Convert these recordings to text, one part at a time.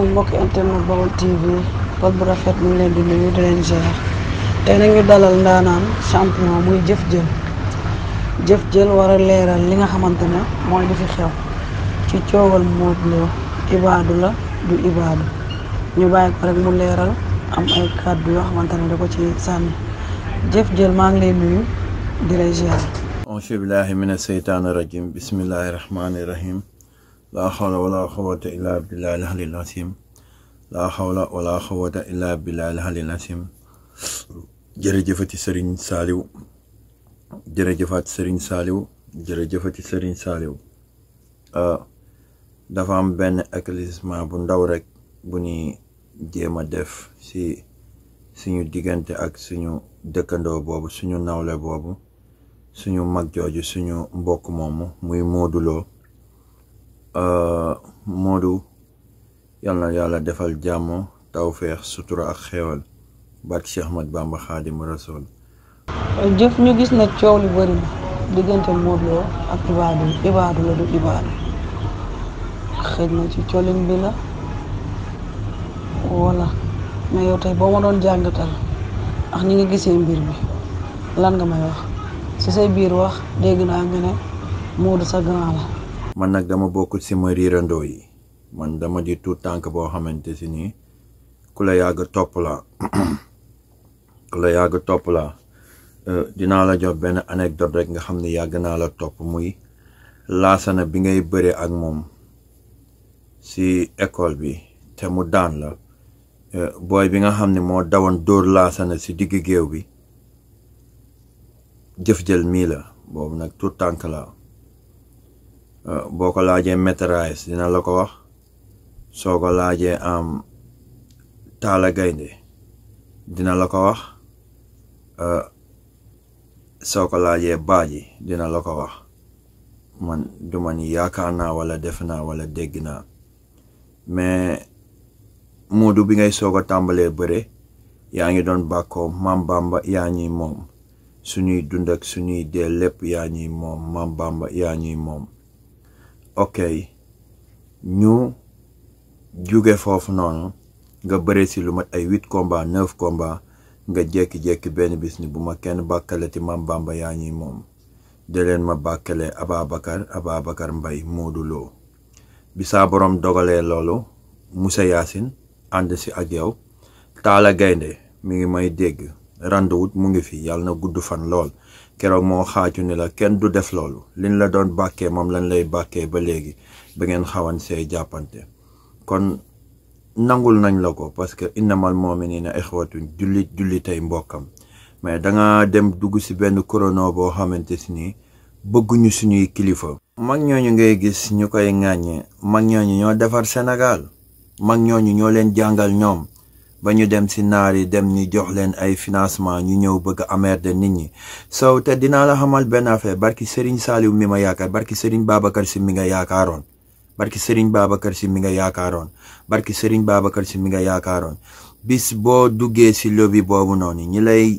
asalaamaaleykum mbokki internet Baol TV pot bu rafet mu ngi leen di nuyu di te ziar tey nañu dalal ndaanaan champion muy Jëf Jël Jëf Jël war leeral li nga xamante ne mooy li fi xew ci coowal Modou ibaadu la du ibaadu ñu bàyyi ko rek mu leeral am ay kàddu yoo xamante ne da ko ci sànni Jëf Jël maa ngi lay nuyu di lay ziar. auzu billaahi mina seytaani rajiim bismillaahi rahmaani laa xawla wala xawata illaa billahi al-aliyyil azim laa xawla wala xawata illaa billahi al-aliyyil azim jërëjëfati sëriñ saaliw jërëjëfaat sëriñ saaliw jërëjëfati sëriñ saaliw euh, dafa am benn éclaircissement bu ndaw rek bu ni jéem a def si suñu diggante ak suñu dëkkandoo boobu suñu nawle boobu suñu mag jooju suñu mbokk moomu muy mooduloo Euh, Modou yal na yàlla defal jàmm tawféex sutura ak xéewal barke Cheikh Ahmadou Bamba Xaadimu Rasuul jëf ñu gis na coow li bëri diggante Modou Lo ak Ibaadu Ibaadu la du ci colin bi la wala mais yow tey boo ma doon jàngatal ak ñi nga gisee mbir bi lan nga may wax ci say biir wax dégg naa nga ne Modou sa grand la man nag dama bokkul si ma riirandoo yi man dama di tuut tànk boo xamante si nii ku la yàgg topp laa la yàgg topp euh, dinaa la jox benn anecdote rek nga xam ne yàgg naa la topp muy laasana bi ngay bëre ak moom si école bi te mu daan la euh, booy bi nga xam ni moo dawoon dóor laasana si digg géew bi jëf jël mii la boobu nag tuut tànk laa Uh, boo ko laajee métérise dina la ko wax soo ko laajee am um, taala gaynde dina la ko wax uh, soo ko laajee yi dina la ko wax man duma ni yaakaar naa wala def naa wala dégg naa mais moodu bi ngay soog a tàmbalee bëre yaa ngi doon bàkkoo maam bamba yaa ñuy moom suñuy dund ak suñuy dee lépp yaa ñuy moom maam yaa ñuy moom ok ñu jóge foofu noonu nga bëre si lu mat ay huit combat nga jékki-jékki benn bis ni bu ma kenn bàkkale ti Maam Bamba yaa ñuy moom de leen ma bàkkale Ababacar Ababacar mbay Modou Lo bi saa borom dogalee loolu mu seyaasin ànd si ak yow taala Gaynde mi ngi may dégg Randout mu ngi fi yàlla na gudd fan lool keroog moo xaaju ni la kenn du def loolu liñ la doon bàkkee moom lañ lay bàkkee ba léegi ba ngeen xawan see jàppante kon nangul nañ la ko parce que innamal mu'minina ixwatun jullit jullitay mbokkam mais danga dem dugg ci benn korono boo xamante si ni bëgguñu suñuy kilifa mag ñooñu ngay gis ñu koy ŋàññe mag ñooñu ñoo defar Sénégal mag ñooñu ñoo leen jàngal ñoom ba ñu dem si naar yi dem ñu jox leen ay financement ñu ñëw bëgg emmerder nit ñi Sow te dinaa la xamal benn affaire barki Serigne Saliou mi ma yaakaar barki Serigne Babacar si mi nga yaakaaroon barki Serigne Babacar si mi nga yaakaaroon barki Serigne Babacar si mi nga yaakaaroon bis boo duggee si lobby boobu noonu ñi lay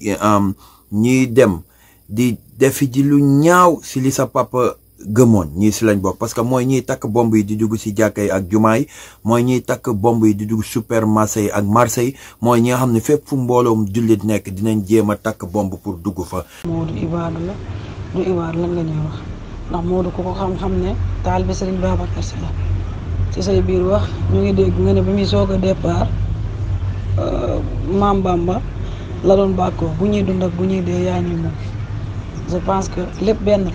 ñiy dem di defi ji lu ñaaw si li sa papa gëmoon ñii si lañ bokk parce que mooy ñiy takk bomb yi di dugg si jàkka yi ak jumaa yi mooy ñiy takk bomb yi di dugg supermarché yi ak marché yi mooy ñi nga xam ne fépp fu mbooloom jullit nekk dinañ jéem a takk bomb pour dugg fa. Moodu Ibaadu la du Ibaadu lan la wax ndax Moodu ku ko xam-xam ne taal bi Serigne Babacar Sy la ci say biir wax ñu ngi dégg nga ne bi muy soog a départ euh, la doon bàkkoo bu ñuy dund ak bu ñuy dee yaa ñuy moom je pense que lépp benn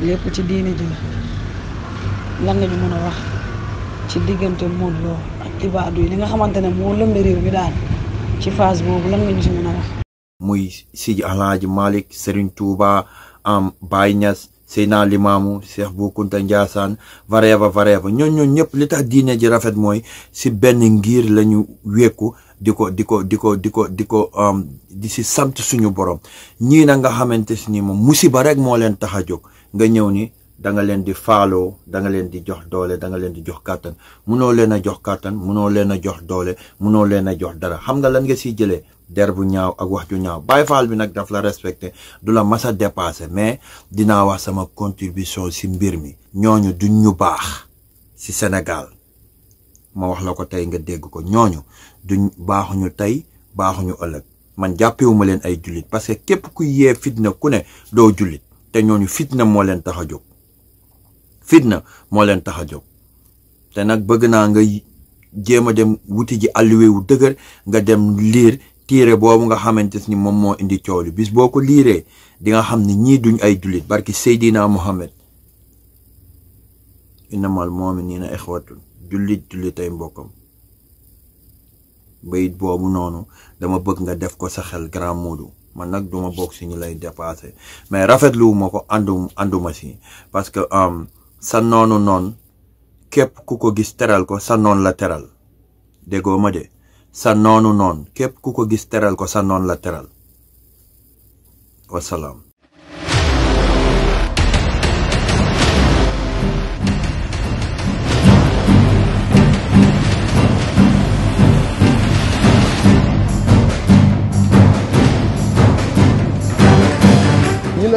lépp ci diini ji la lan lañu mën a wax ci diggante Modou Lo ak Iba Douye li nga xamante moo lëmb réew mi daal ci phase boobu lan lañu si mën a wax muy Sidi Alhaji Malick Serigne Touba am Baye Niass Limaamu Cheikh Bou Kounta Ndiassane vareeva vareeva ñoon ñoon li tax diine ji rafet mooy si benn ngir lañu wékku di ko di ko di ko di ko di ko di si sant suñu boroom ñii na nga xamante si ni moom musiba rek moo leen tax a jóg nga ñëw ni danga leen di faaloo danga leen di jox doole danga leen di jox kàttan mënoo leen a jox kàttan munoo leen a jox doole mënoo leen a jox dara xam nga lan nga si jëlee der bu ñaaw ak wax ju ñaaw bàyyi faal bi nag daf la respecté du la mas a dépassé mais dinaa wax sama contribution si mbir mi. ñooñu duñ ñu baax si Sénégal ma wax la ko tey nga dégg ko ñooñu duñ baaxuñu tey baaxuñu ëllëg man jàppewuma leen ay jullit parce que képp ku yee fitna ku ne doo jullit. te ñooñu fitna moo leen tax a jóg fitna moo leen tax a jóg te nag bëgg naa nga jéem a dem wuti ji alluwe wu dëgër nga dem liir tiire boobu nga xamante ni moom moo indi coow li bis boo ko liiree di nga xam ne ñii duñ ay jullit barki Seydina Mohamed innamal mu'minina ixwatun jullit jullit ay mbokkam bayit boobu noonu dama bëgg nga def ko sa xel grand Modou man nag duma bokk si ñu lay dépasé mais rafetlu ma ko àndu ànduma si parce que um, sa noonu noon képp ku ko gis teral ko sa noon la teral déggoo ma de sa noonu noon képp ku ko gis teral ko sa noon la teral wasalaam